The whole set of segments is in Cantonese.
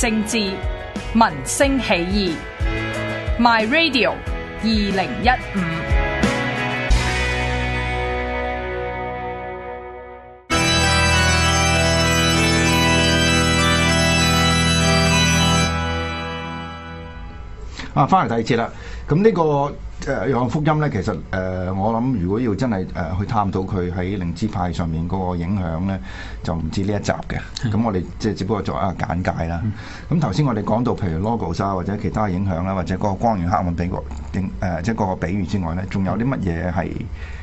政治民生起義，My Radio 二零一五。啊，翻嚟第二節啦。咁呢、這個。誒《呃、約翰福音》咧，其實誒、呃、我諗，如果要真係誒、呃、去探討佢喺靈知派上面嗰個影響咧，就唔止呢一集嘅。咁、嗯、我哋即係只不過做一個簡介啦。咁頭先我哋講到譬如 Logos、啊、或者其他影響啦，或者嗰個光源黑暗比個誒、呃，即係嗰個比喻之外咧，仲有啲乜嘢係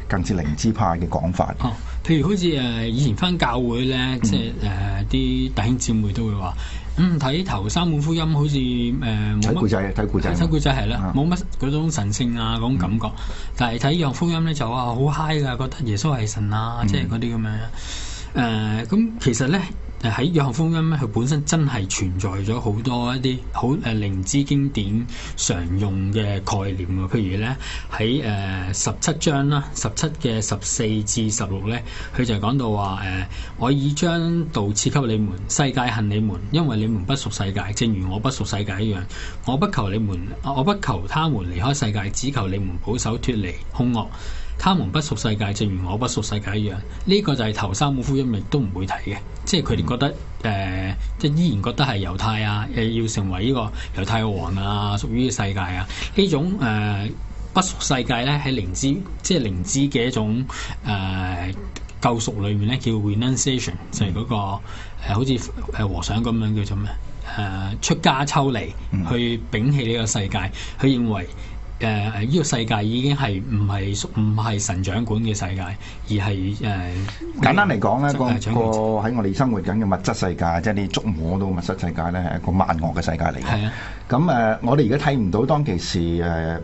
更似靈知派嘅講法？哦、嗯，譬如好似誒以前返教會咧，即係誒啲弟兄姊妹都會話。嗯嗯，睇頭三本福音好似誒冇乜，古仔、呃。睇古仔，睇古仔係啦，冇乜嗰種神聖啊嗰種感覺，嗯、但係睇《羊福音》咧就啊好嗨 i g 噶，覺得耶穌係神啊，即係嗰啲咁樣誒，咁、呃、其實咧。喺《約翰福音》咧，佢本身真係存在咗好多一啲好誒靈知經典常用嘅概念喎，譬如咧喺誒十七章啦，十七嘅十四至十六咧，佢就講到話誒，我已將道賜給你們，世界恨你們，因為你們不屬世界，正如我不屬世界一樣，我不求你們，我不求他們離開世界，只求你們保守脫離兇惡。他們不屬世界，正如我不屬世界一樣。呢、這個就係頭三五福音亦都唔會睇嘅，即係佢哋覺得，誒、呃，即係依然覺得係猶太啊，誒、呃，要成為呢個猶太王啊，屬於世界啊。呢種誒、呃、不屬世界咧，喺靈知，即係靈知嘅一種誒救贖裏面咧，叫 renunciation，就係嗰、那個、嗯呃、好似誒和尚咁樣叫做咩？誒、呃、出家抽離，嗯、去摒棄呢個世界，佢認為。誒誒，呢、呃，這個世界已經係唔係唔係神掌管嘅世界，而係誒、呃、簡單嚟講咧，掌那個個喺我哋生活緊嘅物質世界，即係你捉摸到物質世界咧，係一個萬惡嘅世界嚟嘅。係啊，咁誒、呃，我哋而家睇唔到當其時誒、呃，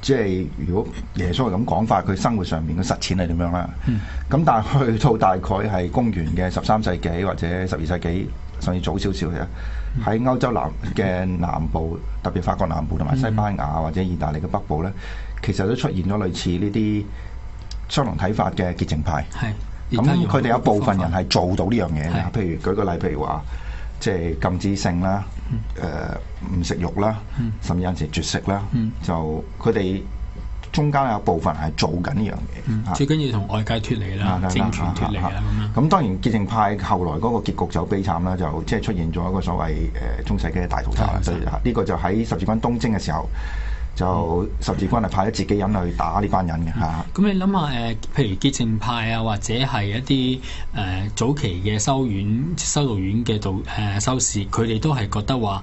即係如果耶穌係咁講法，佢生活上面嘅實踐係點樣啦。咁、嗯、但係去到大概係公元嘅十三世紀或者十二世紀，甚至早少少嘅。喺歐洲南嘅南部，特別法國南部同埋西班牙或者意大利嘅北部咧，其實都出現咗類似呢啲相同睇法嘅潔淨派。係，咁佢哋有部分人係做到呢樣嘢嘅，是譬如舉個例，譬如話即係禁止性啦，誒唔食肉啦，甚至有時絕食啦，是就佢哋。中間有部分係做緊呢樣嘢，最緊要同外界脱離啦，政權脱離啦咁樣。咁當然，結政派後來嗰個結局就悲慘啦，就即係出現咗一個所謂誒中世紀嘅大屠殺。所以呢個就喺十字軍東征嘅時候，就十字軍係派咗自己人去打呢班人嘅。咁你諗下誒，譬如結政派啊，或者係一啲誒早期嘅修院、修道院嘅道誒修士，佢哋都係覺得話。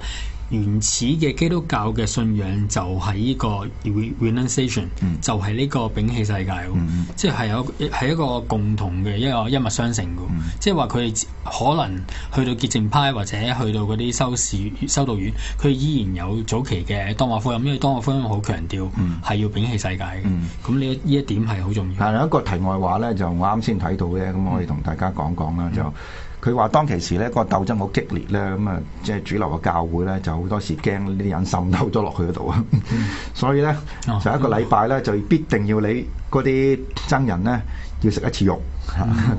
原始嘅基督教嘅信仰就喺呢個 re renunciation、嗯、就係呢個摒棄世界，嗯、即係有係一個共同嘅一個一脈相承嘅。嗯、即係話佢哋可能去到潔淨派或者去到嗰啲修士修道院，佢依然有早期嘅當瓦福音，因為當瓦福音好強調係要摒棄世界嘅。咁呢依一點係好重要。係一個題外話咧，就我啱先睇到嘅，咁我可以同大家講講啦，就。佢話當其時咧，個鬥爭好激烈咧，咁啊，即係主流嘅教會咧，就好多時驚呢啲人滲透咗落去嗰度啊。所以咧，就一個禮拜咧，就必定要你嗰啲僧人咧要食一次肉。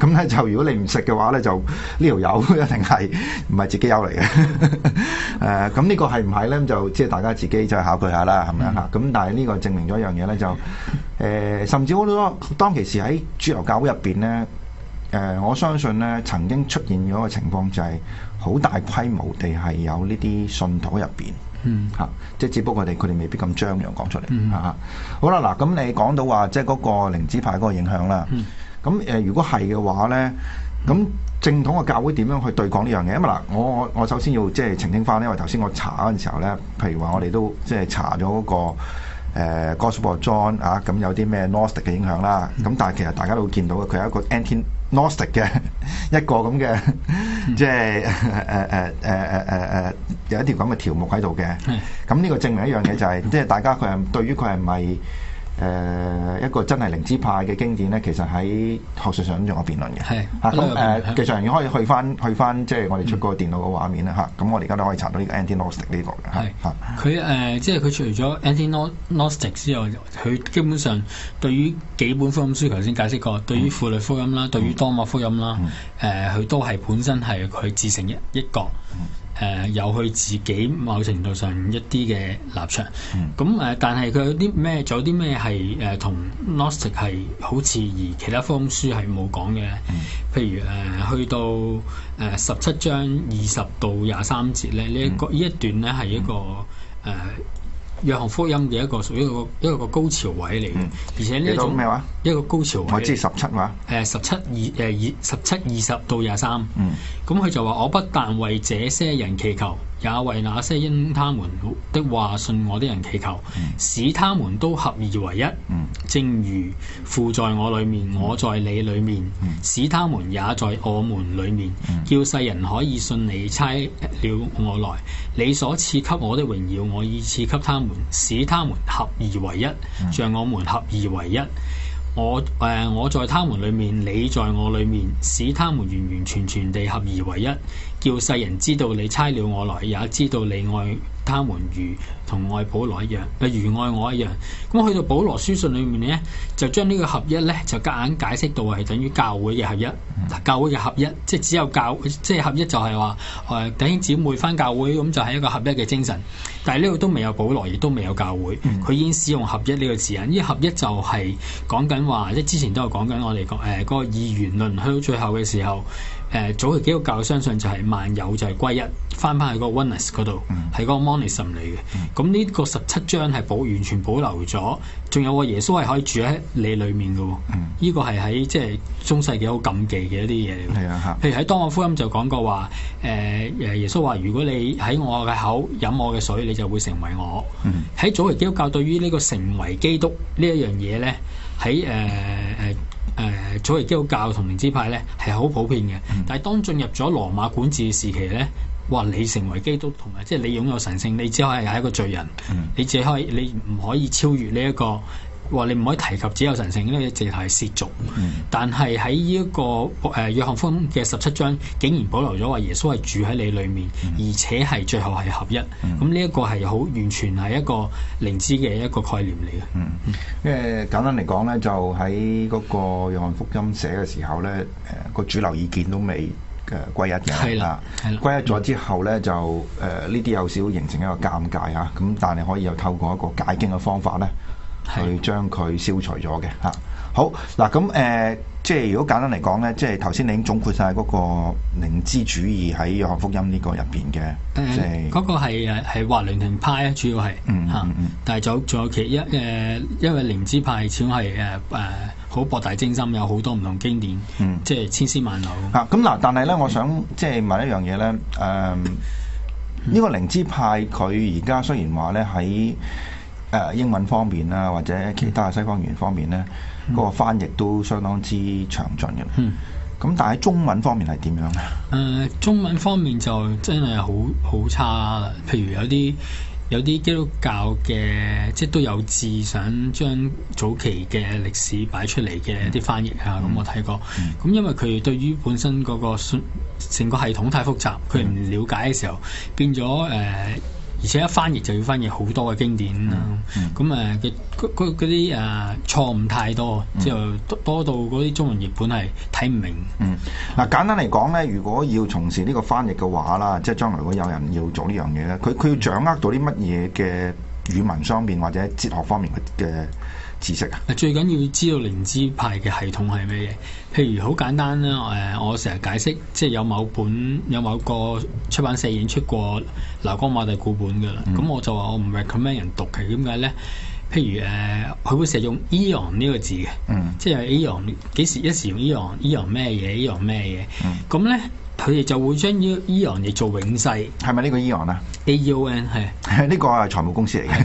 咁咧就如果你唔食嘅話咧，就呢條友一定係唔係自己友嚟嘅。誒，咁呢個係唔係咧？就即係大家自己再考慮下啦，係咪啊？咁但係呢個證明咗一樣嘢咧，就誒，甚至好多當其時喺主流教會入邊咧。誒、呃，我相信咧，曾經出現咗嗰個情況就係好大規模地係有呢啲信徒入邊，嚇、嗯啊，即係只不過佢哋佢哋未必咁張揚講出嚟，嚇、嗯啊。好啦，嗱，咁你講到話即係嗰個靈知派嗰個影響啦，咁誒、嗯，如果係嘅話咧，咁正統嘅教會點樣去對抗呢樣嘢？咁啊嗱，我我首先要即係澄清翻咧，因為頭先我查嗰陣時候咧，譬如話我哋都即係查咗嗰、那個、呃、Gospel John 啊，咁有啲咩 Gnostic 嘅影響啦，咁、嗯嗯、但係其實大家都會見到嘅，佢係一個 n nostic 嘅 一個咁嘅即係誒誒誒誒誒誒，有一條咁嘅條目喺度嘅，咁呢個證明一樣嘢就係，即係大家佢係對於佢係咪？誒一個真係靈知派嘅經典咧，其實喺學術上仲有個辯論嘅。係，嚇咁誒，技術人員可以去翻去翻，即係我哋出過電腦個畫面啦，嚇。咁我哋而家都可以查到呢個 a n t i n o s t i c 呢個嘅。係，嚇佢誒，即係佢除咗 Antinomistic 之外，佢基本上對於幾本福音書頭先解釋過，對於婦女福音啦，對於多馬福音啦，誒佢都係本身係佢自成一一角。誒、呃、有佢自己某程度上一啲嘅立場，咁誒、嗯嗯，但係佢有啲咩，仲有啲咩係誒同 Gnostic 係好似而其他方書係冇講嘅。嗯、譬如誒、呃、去到誒十七章二十到廿三節咧，這個嗯、一呢一個呢一段咧係一個誒。嗯呃約翰福音嘅一個屬於一個一個個高潮位嚟嘅，嗯、而且呢種咩話一個高潮位，位，我知十七話，誒、呃，十七二誒，二十七二十到廿三，嗯，咁佢就話，我不但為這些人祈求。也為那些因他們的話信我的人祈求，嗯、使他們都合而為一，嗯、正如父在我裡面，嗯、我在你裡面，嗯、使他們也在我們裡面，叫、嗯、世人可以信你差了我來。你所賜給我的榮耀，我已賜給他們，使他們合而為一，像、嗯、我們合而為一。我誒、呃、我在他們裡面，你在我裡面，使他們完完全全地合而為一。叫世人知道你差了我來，也知道你愛他們如同愛保羅一樣，啊如愛我一樣。咁去到保羅書信裏面呢，就將呢個合一呢，就夾硬解釋到係等於教會嘅合一。嗯、教會嘅合一，即係只有教，即係合一就係話誒弟兄姊妹返教會，咁就係、是、一個合一嘅精神。但係呢度都未有保羅，亦都未有教會，佢已經使用合一呢個字眼。呢、嗯、合一就係講緊話，即之前都有講緊我哋誒、呃那個二元論，去到最後嘅時候。誒早期基督教相信就係萬有就係歸一，翻返去個 Oneness 嗰度，喺嗰、嗯、個 Monism 嚟嘅。咁呢、嗯、個十七章係保完全保留咗，仲有個耶穌係可以住喺你裡面嘅。呢、嗯、個係喺即係中世紀好禁忌嘅一啲嘢。係啊、嗯，譬如喺《當我福音》就講過話，誒耶穌話：如果你喺我嘅口飲我嘅水，你就會成為我。喺早期基督教對於呢個成為基督呢一樣嘢咧，喺誒誒。呃呃呃呃呃呃誒早期基督教同靈知派咧係好普遍嘅，但係當進入咗羅馬管治時期咧，哇！你成為基督徒，即係你擁有神性，你只可以係一個罪人，嗯、你只可以你唔可以超越呢、這、一個。話你唔可以提及只有神聖，呢個字，直係涉俗。但係喺呢一個誒、呃、約翰福音嘅十七章，竟然保留咗話耶穌係住喺你裡面，嗯、而且係最後係合一。咁呢一個係好完全係一個靈知嘅一個概念嚟嘅。嗯，誒、呃、簡單嚟講咧，就喺嗰、那個約翰福音寫嘅時候咧，誒、呃、個主流意見都未嘅歸一嘅。係啦，係啦，歸一咗之後咧，就誒呢啲有少少形成一個尷尬嚇。咁但係你可以又透過一個解經嘅方法咧。 去將佢消除咗嘅嚇。好，嗱，咁誒，即係如果簡單嚟講咧，即係頭先你已經總括晒嗰個靈知主義喺《約翰福音》呢、這個入邊嘅，即係嗰個係誒係華倫廷派啊，主要係嚇，嗯嗯、但係仲仲有其一誒、呃，因為靈知派始終係誒誒好博大精深，有好多唔同經典，嗯、即係千絲萬縷、嗯、啊。咁嗱、啊，但係咧，我想即係問一樣嘢咧，誒，呢個靈知派佢而家雖然話咧喺。誒英文方面啊，或者其他西方語言方面咧，嗰、嗯、個翻譯都相當之詳盡嘅。咁、嗯、但係中文方面係點樣啊？誒、呃、中文方面就真係好好差啦。譬如有啲有啲基督教嘅，即係都有志想將早期嘅歷史擺出嚟嘅啲翻譯啊。咁、嗯、我睇過，咁、嗯嗯、因為佢對於本身嗰、那個成個系統太複雜，佢唔了解嘅時候，變咗誒。呃而且一翻譯就要翻譯好多嘅經典啦，咁誒、嗯，佢啲誒錯誤太多，之後、嗯、多、多到嗰啲中文譯本係睇唔明。嗯，嗱、啊、簡單嚟講咧，如果要從事呢個翻譯嘅話啦，即係將來如果有人要做呢樣嘢咧，佢佢要掌握到啲乜嘢嘅語文方面或者哲學方面嘅知識啊！智智最緊要知道靈知派嘅系統係咩嘢？譬如好簡單啦，誒，我成日解釋，即係有某本有某個出版社演出過《流光馬帝》古本㗎啦。咁、嗯、我就話我唔 recommend 人讀，係點解咧？譬如誒，佢、呃、會成日用 eon 呢個字嘅，嗯、即係 eon 幾時一時用 eon，eon 咩嘢？eon 咩嘢？咁咧、嗯，佢哋就會將呢個 eon 嘢做永世，係咪呢個 eon 啊？A E O N 係，呢個係財務公司嚟嘅。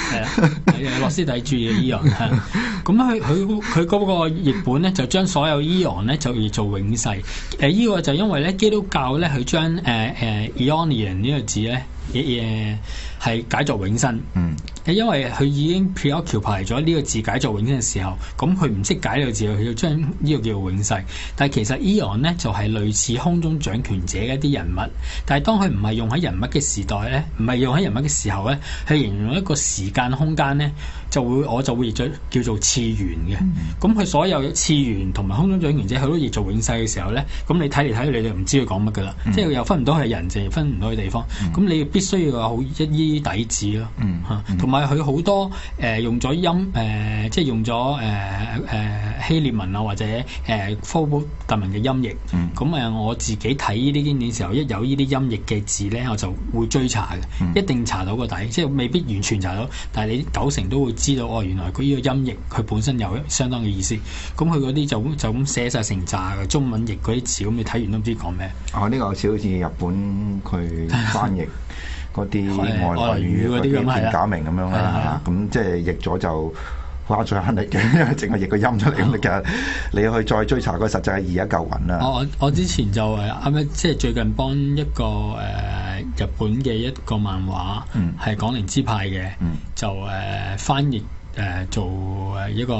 係啊，諾斯底主義，伊昂咁佢佢佢個譯本咧，就將所有伊昂咧就叫做永世。誒，呢個就因為咧基督教咧，佢將誒誒伊昂呢個字咧，誒係解作永生。嗯，因為佢已經 pre 橋牌咗呢個字解作永生嘅時候，咁佢唔識解呢個字，佢就將呢個叫做永世。但係其實伊昂咧就係類似空中掌權者嘅一啲人物，但係當佢唔係用喺人物嘅時代咧，唔係用喺人物嘅時候咧，係形容一個時間。空間咧，就會我就會譯咗叫做次元嘅，咁佢、嗯、所有嘅次元同埋空中長元者，佢都譯做永世嘅時候咧，咁你睇嚟睇，去、嗯，你就唔知佢講乜噶啦，即係又分唔到係人，淨係分唔到嘅地方。咁、嗯、你必須要話好一啲底子咯，同埋佢好多誒、呃、用咗音誒、呃，即係用咗誒誒希列文啊或者誒科普特文嘅音譯。咁誒、嗯，嗯、我自己睇呢啲經典嘅時候，一有呢啲音譯嘅字咧，我就會追查嘅，一定查到個底，即係未必完全查到。你九成都會知道，哦，原來佢呢個音譯佢本身有相當嘅意思。咁佢嗰啲就咁就咁寫晒成拃嘅中文譯嗰啲詞，咁你睇完都唔知講咩。哦、啊，呢、這個好似好似日本佢翻譯嗰啲 外國語嗰啲咁啊，假名咁樣啦，咁即係譯咗就花盡精力嘅，因為淨係譯個音出嚟咁嘅。 其實你去再追查個實際係而家嚿雲啦。我我，我之前就係啱啱即係最近幫一個誒。呃呃日本嘅一個漫畫，嗯，係講靈知派嘅，嗯，就誒、呃、翻譯誒、呃、做誒一個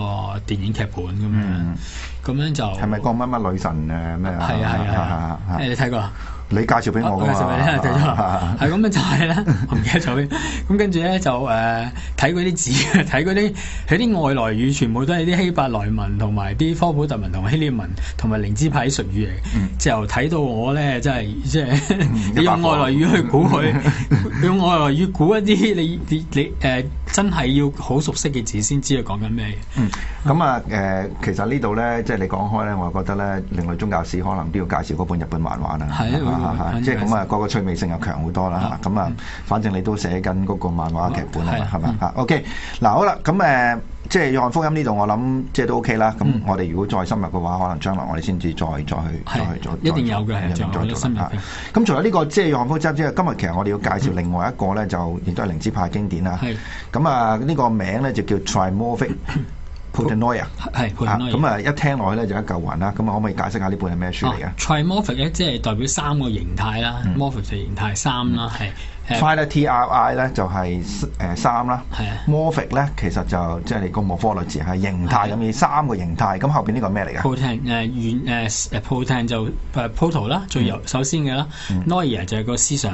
電影劇本咁樣。咁、嗯、樣就係咪講乜乜女神啊咩啊？係啊係啊係啊，誒，你睇過、啊。你介紹俾我啊！係咁樣就係啦，唔記得咗。咁跟住咧，就誒睇嗰啲字，睇嗰啲喺啲外來語，全部都係啲希伯來文同埋啲科普特文同埋希利文同埋靈知派術語嚟。就睇到我咧，真係即係你用外來語去估佢，用外來語估一啲你你你誒真係要好熟悉嘅字先知佢講緊咩。咁啊誒，其實呢度咧，即係你講開咧，我覺得咧，另類宗教史可能都要介紹嗰本日本漫畫啦。係嚇嚇，即係咁啊，個個趣味性又強好多啦嚇，咁啊，反正你都寫緊嗰個漫畫劇本啊嘛，係嘛嚇？OK 嗱好啦，咁誒，即係《約翰福音》呢度，我諗即係都 OK 啦。咁我哋如果再深入嘅話，可能將來我哋先至再再去再去做，一定有嘅，再做深入嘅。咁除咗呢個，即係《約翰福音》之外，今日其實我哋要介紹另外一個咧，就亦都係靈知派經典啦。咁啊，呢個名咧就叫《Trimorphic》。Protennoia 啊，係 Protennoia 咁啊、嗯，一聽落去咧就一嚿雲啦。咁啊，可唔可以解釋下呢本係咩書嚟啊？Trimorphic 咧，即係代表三個形態啦。morph、嗯、就形態三啦，係、嗯。是嗯 Phi 咧 tri 咧就係誒三啦 morphic 咧，其實就即係你個模塊類字係形態咁樣，三個形態。咁後邊呢個咩嚟嘅 p o t e n p o t e n 就 proto 啦，最首先嘅啦。Noyer 就係個思想，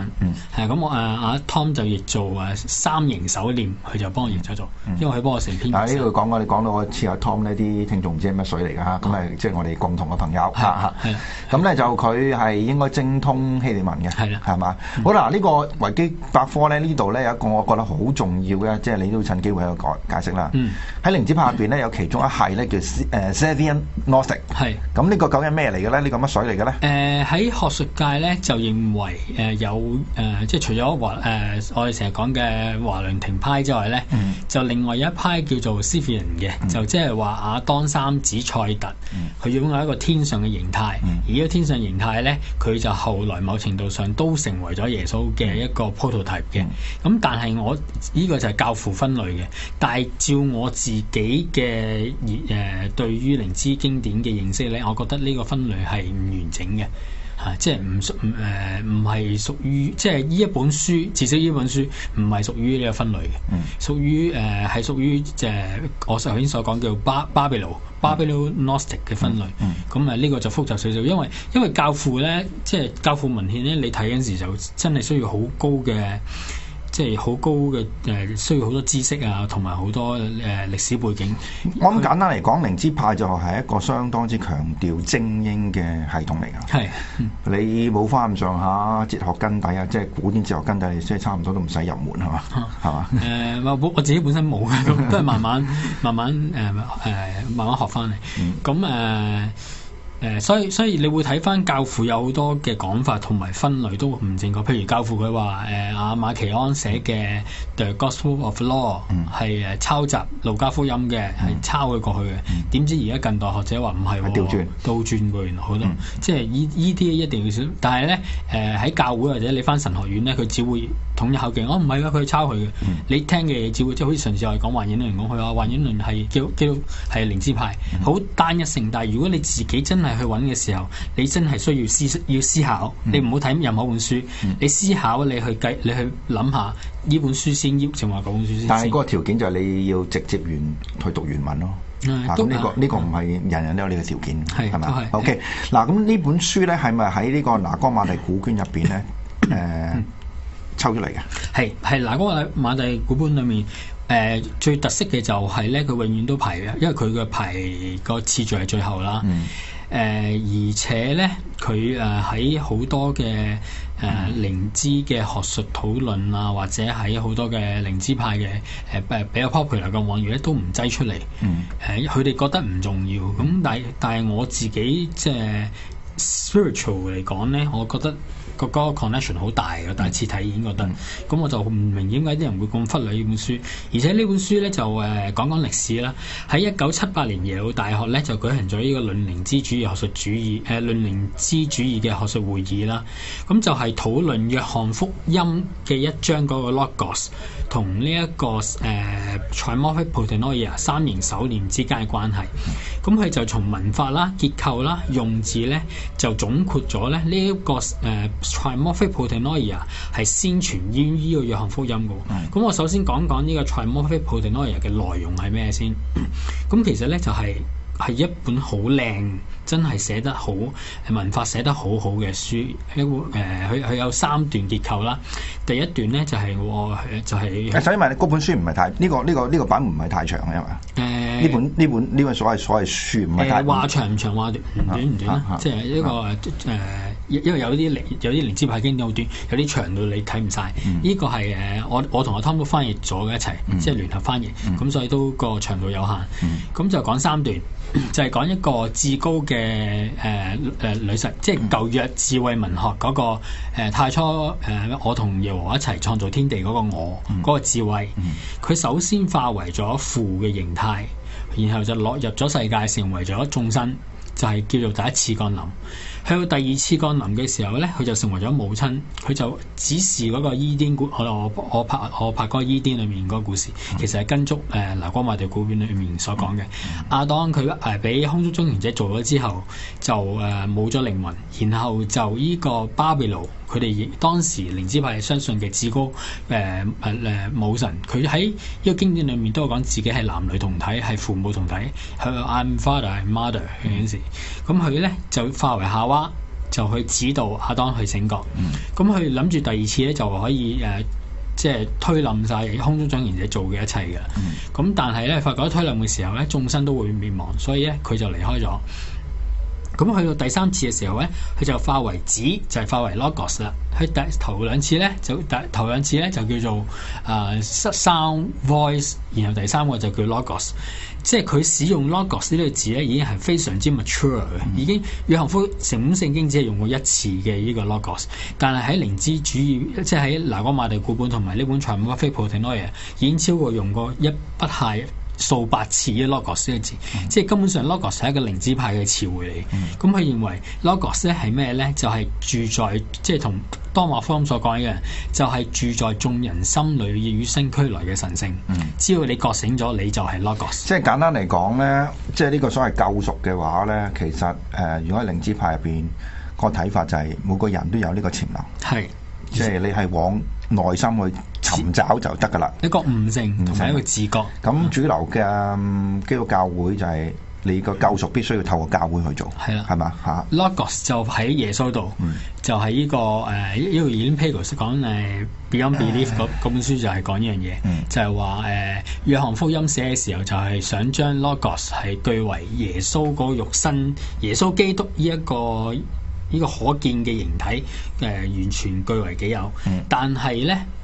係咁我阿 Tom 就譯做誒三形首念，佢就幫我研究做，因為佢幫我成篇。啊！呢度講我哋講到我似阿 Tom 呢啲聽眾唔知係乜水嚟㗎嚇，咁係即係我哋共同嘅朋友嚇嚇。咁咧就佢係應該精通希臘文嘅，係嘛？好嗱，呢個維基百科咧呢度咧有一個我覺得好重要嘅，即係你都趁機會喺度解解釋啦。喺、嗯、靈知派入邊咧有其中一係咧叫誒 Sethian Gnostic。係咁呢個究竟係咩嚟嘅咧？這個、呢個乜水嚟嘅咧？誒喺、呃、學術界咧就認為誒有誒即係除咗華誒、呃、我哋成日講嘅華倫廷派之外咧，嗯、就另外有一派叫做 Sethian 嘅，嗯、就即係話亞當三子賽特佢、嗯、擁有一個天上嘅形態，而呢個天上形態咧佢就後來某，某程度上都成為咗耶穌嘅一個。prototype 嘅，咁、 嗯、但係我呢、這個就係教父分類嘅，但係照我自己嘅熱、呃、對於靈知經典嘅認識咧，我覺得呢個分類係唔完整嘅。嚇、啊，即係唔屬唔唔係屬於即係呢一本書，至少呢本書唔係屬於呢個分類嘅，嗯、屬於誒係、呃、屬於誒、呃、我頭先所講叫巴巴比魯巴比魯諾斯的嘅分類。咁啊、嗯，呢、嗯嗯、個就複雜少少，因為因為教父咧，即係教父文獻咧，你睇嗰陣時就真係需要好高嘅。即係好高嘅誒、呃，需要好多知識啊，同埋好多誒、呃、歷史背景。我咁簡單嚟講，靈知、呃、派就係一個相當之強調精英嘅系統嚟噶。係，嗯、你冇翻咁上下哲學根底啊，即係古典哲學根底，你即係差唔多都唔使入門係嘛，係嘛？誒、嗯，我、 呃、我自己本身冇嘅，都係慢慢 慢慢誒誒、呃呃、慢慢學翻嚟。咁、嗯、誒。嗯呃呃呃呃呃呃呃誒、呃，所以所以你會睇翻教父有好多嘅講法同埋分類都唔正確。譬如教父佢話誒阿馬奇安寫嘅 The Gospel of Law 係誒、嗯、抄襲路加福音嘅，係、嗯、抄佢過去嘅。點、嗯、知而家近代學者話唔係，倒轉，倒轉噃，原來好多，嗯、即係依依啲一定要。但係咧誒喺教會或者你翻神學院咧，佢只會統一口徑，我唔係話，佢抄佢嘅。你聽嘅嘢只會即係好似上次我哋講幻影論講佢啊，幻影論係叫叫係靈知派，好單一性。但係如果你自己真係去揾嘅時候，你真係需要思要思考，你唔好睇任何一本書，你思考你去計你去諗下呢本書先，抑或講本書先。但係個條件就係你要直接原去讀原文咯。咁呢個呢個唔係人人都有呢個條件，係咪？OK，嗱咁呢本書咧係咪喺呢個拿光萬利古卷入邊咧？誒。抽出嚟嘅，係係嗱，嗰、那個馬帝古本裏面，誒、呃、最特色嘅就係咧，佢永遠都排嘅，因為佢嘅排個次序係最後啦。誒、嗯呃、而且咧，佢誒喺好多嘅誒、呃、靈知嘅學術討論啊，或者喺好多嘅靈知派嘅誒誒比較 popular 嘅網頁咧，都唔擠出嚟。誒佢哋覺得唔重要。咁但係但係我自己即係、呃、spiritual 嚟講咧，我覺得，個個 connection 好大嘅，第一次睇已經覺得，咁、嗯、我就唔明點解啲人會咁忽略呢本書。而且呢本書咧就誒、呃、講講歷史啦。喺一九七八年耶魯大學咧就舉行咗呢個論靈知主義學術主義誒、呃、論靈知主義嘅學術會議啦。咁、嗯、就係、是、討論約翰福音嘅一章嗰、那個 Logos 同呢、這、一個誒 Trimorphic Protennoia 三形首念之間嘅關係。咁、嗯、佢就從文化啦、結構啦、用字咧就總括咗咧呢一個誒。呃呃呃呃《Trimorphic Protennoia》，係、no、先傳於呢個約翰福音嘅。咁我首先講講呢個《Trimorphic Protennoia》嘅內容係咩先。咁其實咧就係係一本好靚，真係寫得好，文化寫得好好嘅書。一本誒，佢佢有三段結構啦。第一段咧就係就係、是、誒、啊。所以咪嗰本書唔係太呢、呢個呢、呢個呢、呢個版唔係太長係咪？誒，呢、呃、本呢本呢個所謂所謂書唔係太。誒、呃、話長唔長話短唔短即係呢個誒。啊啊啊因為有啲零有啲零接塊經典短，有啲長度你睇唔晒。呢、嗯、個係誒我我同阿 t o 都翻譯咗嘅一齊，嗯、即係聯合翻譯，咁、嗯、所以都、那個長度有限。咁、嗯、就講三段，嗯、就係講一個至高嘅誒誒女神，即係舊約智慧文學嗰、那個、呃、太初誒、呃，我同耶和華一齊創造天地嗰個我嗰、嗯、個智慧，佢、嗯、首先化為咗父嘅形態，然後就落入咗世界，成為咗眾生，就係、是、叫做、就是、第一次降臨。去到第二次降臨嘅時候咧，佢就成為咗母親，佢就指示嗰個伊甸古，可能我我，我拍我拍嗰個伊甸裏面個故事，其實係跟足誒流光萬道古片裏面所講嘅。阿當佢誒俾空中宗團者做咗之後，就誒冇咗靈魂，然後就依個巴比魯，佢哋當時靈知派系相信嘅至高誒誒誒母神，佢喺依個經典裏面都有講自己係男女同體係父母同體係。啊，I'm father，係 mother 嗰陣時，咁佢咧就化為夏娃就去指導阿當去醒覺，咁佢諗住第二次咧就可以誒，即、uh, 係推冧晒空中掌賢者做嘅一切嘅，咁、嗯、但係咧發覺推冧嘅時候咧眾生都會滅亡，所以咧佢就離開咗。咁去到第三次嘅時候咧，佢就化為字，就係、是、化為 logos 啦。佢第頭兩次咧，就第頭兩次咧就叫做啊、呃、sound voice，然後第三個就叫 logos。即係佢使用 logos 呢個字咧，已經係非常之 mature 嘅，嗯、已經約翰福音成本聖經只係用過一次嘅呢個 logos，但係喺靈知主義，即係喺拿戈馬地古本同埋呢本財務翻譯本，已經超過用過一不係。數百次嘅 logos 嘅字，即係根本上 logos 係一個靈知派嘅詞彙嚟。咁佢、嗯、認為 logos 咧係咩咧？就係、是、住在即係同當馬方所講嘅，就係、是、住在眾人心裏，與生俱來嘅神聖。嗯、只要你覺醒咗，你就係 logos。即係簡單嚟講咧，即係呢個所謂救贖嘅話咧，其實誒、呃，如果喺靈知派入邊、嗰個睇法，就係每個人都有呢個潛能，係即係你係往內心去。尋找就得噶啦，一個悟性同埋一個自覺。咁、嗯嗯、主流嘅基督教會就係、是、你個救贖必須要透過教會去做，係啦、啊，係嘛嚇。啊、Logos 就喺耶穌度，嗯、就係呢、這個誒，因、呃、為、這個、Elaine Pagels 講誒、uh, Beyond Belief 嗰唉本書就係講依樣嘢，嗯、就係話誒，約、呃、翰福音寫嘅時候就係想將 Logos 係據為耶穌嗰肉身，耶穌基督呢一個呢、這個可見嘅形體誒、呃，完全據為己有，但係咧。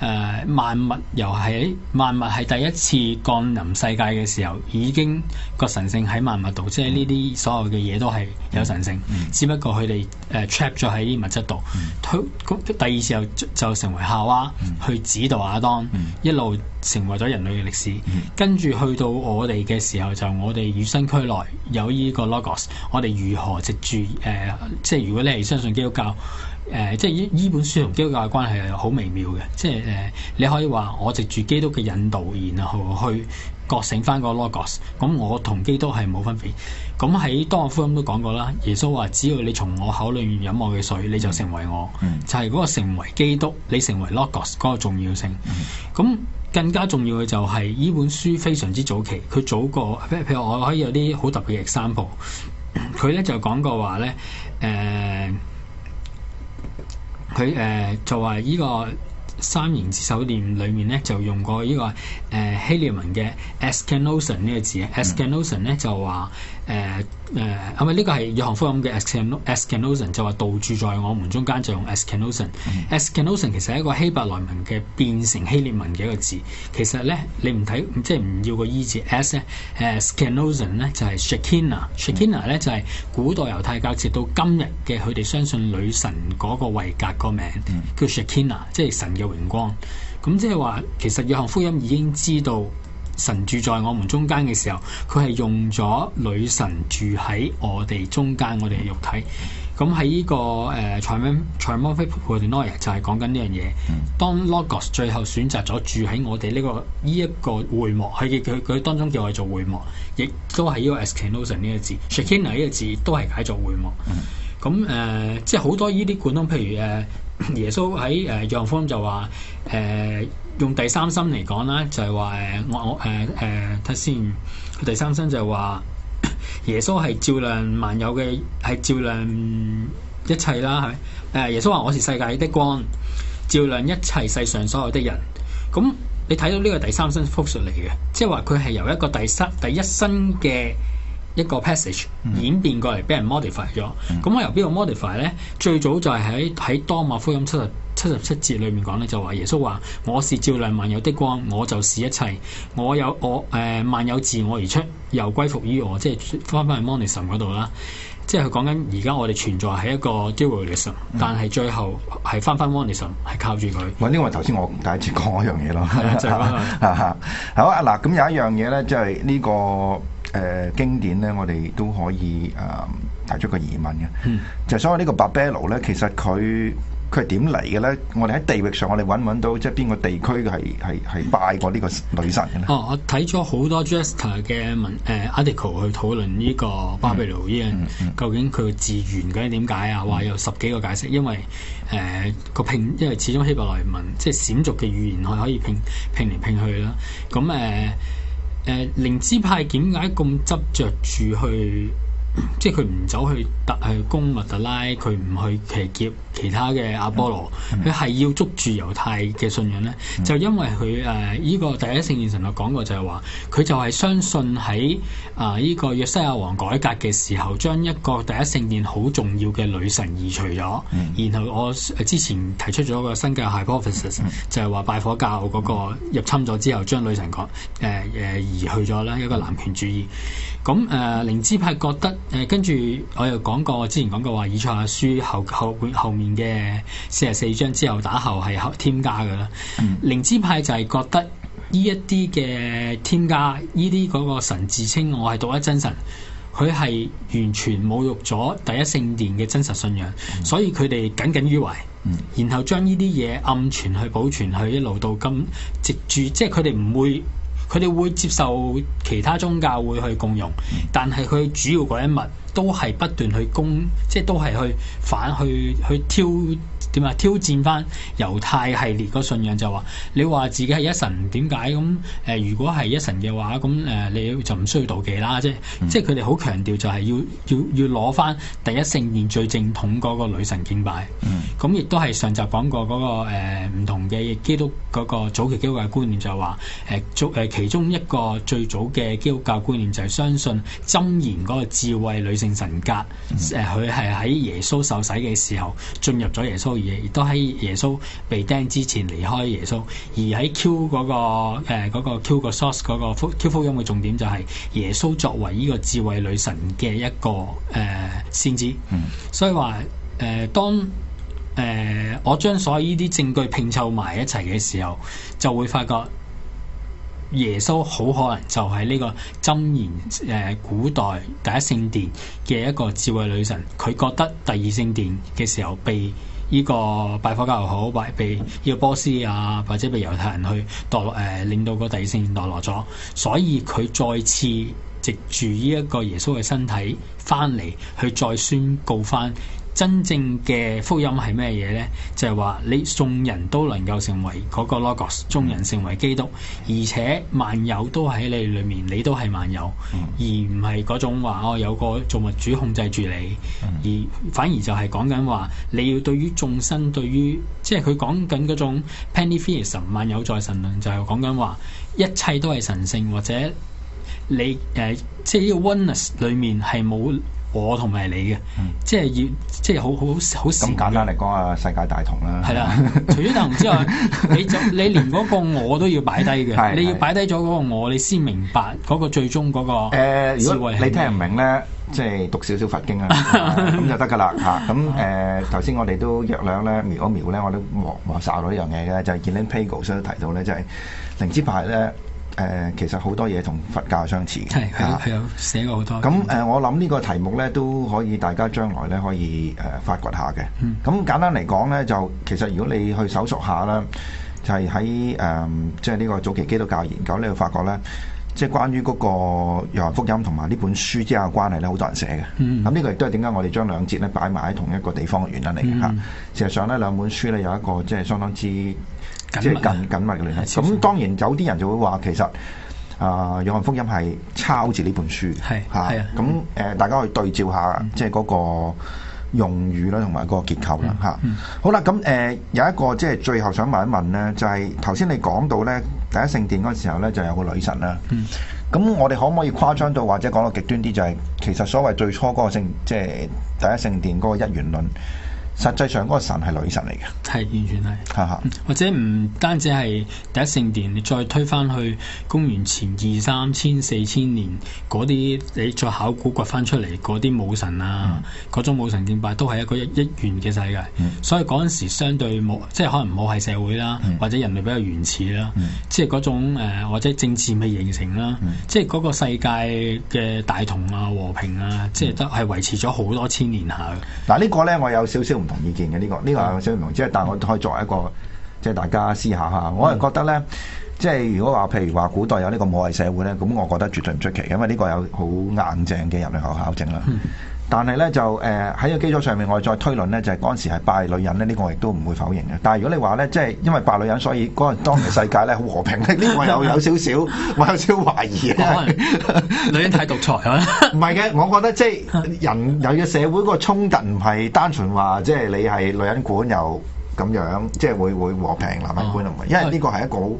誒、呃、萬物又喺萬物係第一次降臨世界嘅時候，已經個神性喺萬物度，即係呢啲所有嘅嘢都係有神性，嗯嗯、只不過佢哋誒 trap 咗喺啲物質度。佢、嗯嗯、第二次又就，就成為夏娃、嗯、去指導亞當，嗯、一路成為咗人類嘅歷史。嗯、跟住去到我哋嘅時候，就我哋與生俱來有呢個 Logos，我哋如何藉住誒、呃，即係如果你係相信基督教，教。誒、呃，即係依依本書同基督教嘅關係係好微妙嘅，即係誒、呃，你可以話我藉住基督嘅引導，然後去覺醒返個 Logos，咁我同基督係冇分別。咁喺《多馬福音》都講過啦，耶穌話：只要你從我口裏面飲我嘅水，你就成為我。嗯、就係嗰個成為基督，你成為 Logos 嗰個重要性。咁、嗯、更加重要嘅就係依本書非常之早期，佢早過譬如譬如我可以有啲好特別嘅 example，佢咧就講過話咧誒。呃佢誒就話，依、呃、個三形首念裏面咧，就用過依、這個誒、呃、 希臘文嘅 ascension o 呢個字，ascension o 咧就話誒。嗯誒係咪呢個係約翰福音嘅 eskénoson？就話道住在我們中間就用 eskénoson。eskénoson 其實係一個希伯來文嘅變成希列文嘅一個字。其實咧你唔睇即係唔要個 E 字 S 咧，eskénoson 咧就係 shakina。shakina 咧就係古代猶太教直、mm. 到今日嘅佢哋相信女神嗰個位格個名、mm. 叫 shakina，即係神嘅榮光。咁即係話其實約翰福音已經知道。神住在我們中間嘅時候，佢係用咗女神住喺我哋中間，我哋嘅肉體。咁喺呢個誒《Trimorphic Protennoia》呃、就係講緊呢樣嘢。嗯、當 Logos 最後選擇咗住喺我哋呢、呢個呢一、呢個會幕，佢佢佢當中叫我哋做會幕，亦都係依個 eskainoson 呢個字 Shekinah 呢個字都係解作會幕。咁誒、嗯嗯呃，即係好多依啲觀光，譬如誒、呃、耶穌喺誒釀坊就話誒。呃呃呃呃呃呃呃用第三身嚟講啦，就係話誒我我誒誒睇先，第三身就係話耶穌係照亮萬有嘅，係照亮一切啦，係誒耶穌話我是世界的光，照亮一切世上所有的人。咁你睇到呢個第三身復述嚟嘅，即係話佢係由一個第三第一身嘅，一個 passage 演變過嚟俾人 modify 咗，咁我、嗯嗯、由邊個 modify 咧？最早就係喺喺多馬福音七十七十七節裏面講咧，就話耶穌話：我是照亮萬有的光，我就是一切，我有我誒、呃、萬有自我而出，又歸服於我，即係翻翻去 monism 嗰度啦，即係佢講緊而家我哋存在喺一個 dualism，但係最後係翻翻 monism 係、嗯、靠住佢。呢個係頭先我大一次講嗰樣嘢咯，係 好啊，嗱，咁有一樣嘢咧，即係呢個。誒、呃、經典咧，我哋都可以誒、呃、提出個疑問嘅。嗯、就所謂呢個巴比魯咧，其實佢佢係點嚟嘅咧？我哋喺地域上，我哋揾唔揾到即係邊個地區係係係拜過呢個女神嘅咧？哦，我睇咗好多 Jester 嘅文誒、呃、article 去討論呢個巴比魯呢樣，嗯嗯、究竟佢嘅字源究竟點解啊？話、呃、有十幾個解釋，因為誒個拼，因為始終希伯來文即係閃族嘅語言，可可以拼拼嚟拼去啦。咁誒。呃呃誒，靈知派點解咁執着住去？即係佢唔走去特去攻密特拉，佢唔去騎劫其他嘅阿波羅，佢係要捉住猶太嘅信仰咧。嗯、就因為佢誒呢個第一聖殿神就講過就係話，佢就係相信喺啊呢個約西亞王改革嘅時候，將一個第一聖殿好重要嘅女神移除咗。嗯、然後我之前提出咗個新嘅 hypothesis，、嗯、就係話拜火教嗰個入侵咗之後，將女神講誒誒移去咗咧、呃呃，一個男權主義。咁誒靈知派覺得。誒、嗯、跟住我又講過，我之前講過話，以賽亞書後後後面嘅四十四章之後打後係後添加嘅啦。靈知、嗯、派就係覺得呢一啲嘅添加，呢啲嗰個神自稱我係獨一真神，佢係完全侮辱咗第一聖殿嘅真實信仰，嗯、所以佢哋耿耿於懷，嗯、然後將呢啲嘢暗存去保存去一路到今，直至即係佢哋唔會。佢哋會接受其他宗教，會去共用，但係佢主要嗰一物都係不斷去攻，即係都係去反、去去挑。點啊，挑戰翻猶太系列個信仰，就話你話自己係一神點解咁誒？如果係一神嘅話，咁誒你就唔需要妒忌啦啫。即係佢哋好強調就係要要要攞翻第一聖殿最正統嗰個女神敬拜。咁亦都係上集講過嗰個唔同嘅基督嗰個早期基督教觀念就係話誒，誒誒其中一個最早嘅基督教觀念就係相信真言嗰個智慧女性神格誒，佢係喺耶穌受洗嘅時候進入咗耶穌。亦都喺耶穌被釘之前離開耶穌，而喺 Q、嗰個誒、呃嗰個 Q 個 source 嗰個 Q 福音嘅重點就係耶穌作為呢個智慧女神嘅一個誒、呃、先知。嗯，所以話誒、呃、當誒、呃、我將所有呢啲證據拼湊埋一齊嘅時候，就會發覺耶穌好可能就係呢個真言誒、呃、古代第一聖殿嘅一個智慧女神。佢覺得第二聖殿嘅時候被呢個拜火教又好，被呢個波斯啊，或者被猶太人去墮誒，令、呃、到個底線墮落咗，所以佢再次藉住呢一個耶穌嘅身體翻嚟，去再宣告翻。真正嘅福音係咩嘢咧？就係、是、話你眾人都能夠成為嗰個 Logos，眾人成為基督，而且萬有都喺你裏面，你都係萬有，嗯、而唔係嗰種話哦，有個造物主控制住你，嗯、而反而就係講緊話你要對於眾生，對於即係佢講緊嗰種 Panentheism 萬有在神論，論就係講緊話一切都係神聖或者你誒、呃、即係呢個 Oneness 裏面係冇。我同埋你嘅，即係要，即係好好好善。咁簡單嚟講啊，世界大同啦。係啦的， 除咗大同之外，你就你連嗰個我都要擺低嘅。 你要擺低咗嗰個我， 你先明白嗰個最終嗰個。如果、呃、你聽唔明咧，即、就、係、是、讀少少佛經啊，咁 就得㗎喇嚇。咁誒，頭、嗯、先、呃、我哋都約兩咧，瞄一瞄咧，我都話話曬到一樣嘢嘅，就係見咧 Pagels 所提到咧，就係、是、靈知派咧。誒、呃，其實好多嘢同佛教相似嘅，係係有，有寫過好多。咁誒、啊嗯呃，我諗呢個題目咧都可以大家將來咧可以誒、呃、發掘下嘅。咁、嗯、簡單嚟講咧，就其實如果你去搜索下啦，就係喺誒，即係呢個早期基督教研究你會發覺咧。即係關於嗰個《約翰福音》同埋呢本書之間嘅關係咧，好多人寫嘅。咁呢個亦都係點解我哋將兩節咧擺埋喺同一個地方嘅原因嚟嘅嚇。事實上咧，兩本書咧有一個即係相當之即緊密嘅聯繫。咁當然有啲人就會話其實啊《約翰福音》係抄住呢本書嘅。係嚇。咁誒，大家可以對照下即係嗰個用語啦，同埋個結構啦嚇。好啦，咁誒有一個即係最後想問一問咧，就係頭先你講到咧。第一聖殿嗰時候咧，就有個女神啦。咁、嗯、我哋可唔可以誇張到或者講到極端啲，就係、是、其實所謂最初嗰個聖，即、就、係、是、第一聖殿嗰個一元論。實際上嗰個神係女神嚟嘅，係完全係嚇嚇，或者唔單止係第一聖殿，你再推翻去公元前二三千四千年嗰啲，你再考古掘翻出嚟嗰啲武神啊，嗰種武神敬拜都係一個一元嘅世界，所以嗰陣時相對冇，即係可能冇係社會啦，或者人類比較原始啦，即係嗰種誒或者政治未形成啦，即係嗰個世界嘅大同啊和平啊，即係都係維持咗好多千年下。嗱呢個咧我有少少。同意見嘅呢、這個，呢個係相唔同，即係但我可以作為一個，即係大家思考下。我係覺得咧，即係如果話譬如話古代有呢個母系社會咧，咁我覺得絕對唔出奇，因為呢個有好硬淨嘅人類學考，考證啦。嗯但係咧就誒喺、呃、個基礎上面，我哋再推論咧，就係嗰陣時係拜女人咧，呢、這個我亦都唔會否認嘅。但係如果你話咧，即係因為拜女人，所以嗰個當時世界咧好 和平咧，呢個又有少少，我有少少懷疑嘅。 女人太獨裁係咪？唔係嘅，我覺得即係人有嘅社會嗰個衝突，唔係單純話即係你係女人管又咁樣，即係會會和平男人管啊？唔係，因為呢個係一個好、 嗯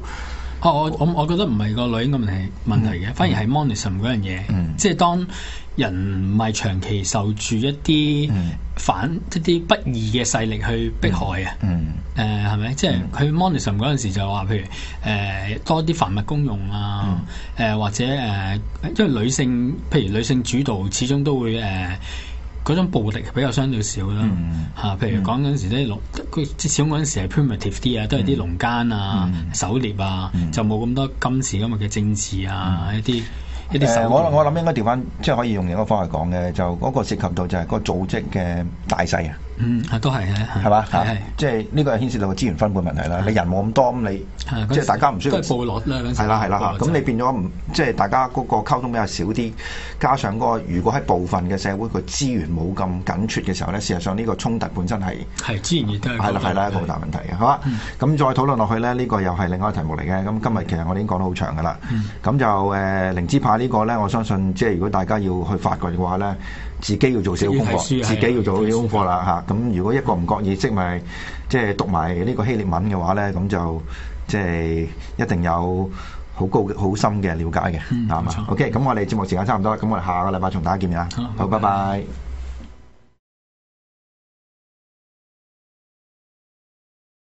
哦。我我我覺得唔係個女人嘅問題問題嘅，反而係 monism 嗰樣嘢，即係當。人唔係長期受住一啲反一啲不義嘅勢力去迫害啊？誒係咪？即係佢 monism 嗰陣時就話，譬如誒、呃、多啲繁物公用啊，誒、mm. 呃、或者誒、呃，因為女性譬如女性主導，始終都會誒嗰、呃、種暴力比較相對少啦。嚇、啊。譬如講嗰陣時啲農，佢至少嗰陣時係 primitive 啲啊，都係啲農奸啊、狩、mm. 獵啊，mm. 就冇咁多今時今日嘅政治啊一啲。Mm. Mm. Mm. 呃、我我諗應該調翻，即係可以用另一個方法嚟講嘅，就嗰個涉及到就係嗰個組織嘅大細啊。嗯，都係嘅，係嘛，係，即係呢個係牽涉到個資源分配問題啦。你人冇咁多咁你，即係大家唔需要，都係部落啦，係啦係啦嚇。咁你變咗唔，即係大家嗰個溝通比較少啲，加上嗰個如果喺部分嘅社會個資源冇咁緊缺嘅時候咧，事實上呢個衝突本身係係資源係啦係啦一個好大問題嘅，好。咁再討論落去咧，呢個又係另外一個題目嚟嘅。咁今日其實我已經講得好長噶啦。咁就誒靈知派呢個咧，我相信即係如果大家要去發掘嘅話咧。自己要做小功課，自己要做小功課啦嚇。咁如果一個唔覺意，即係咪即係讀埋呢個希臘文嘅話咧，咁就即係一定有好高好深嘅瞭解嘅，啱嘛？OK，咁我哋節目時間差唔多，咁我哋下個禮拜同大家見面啦。好，拜拜。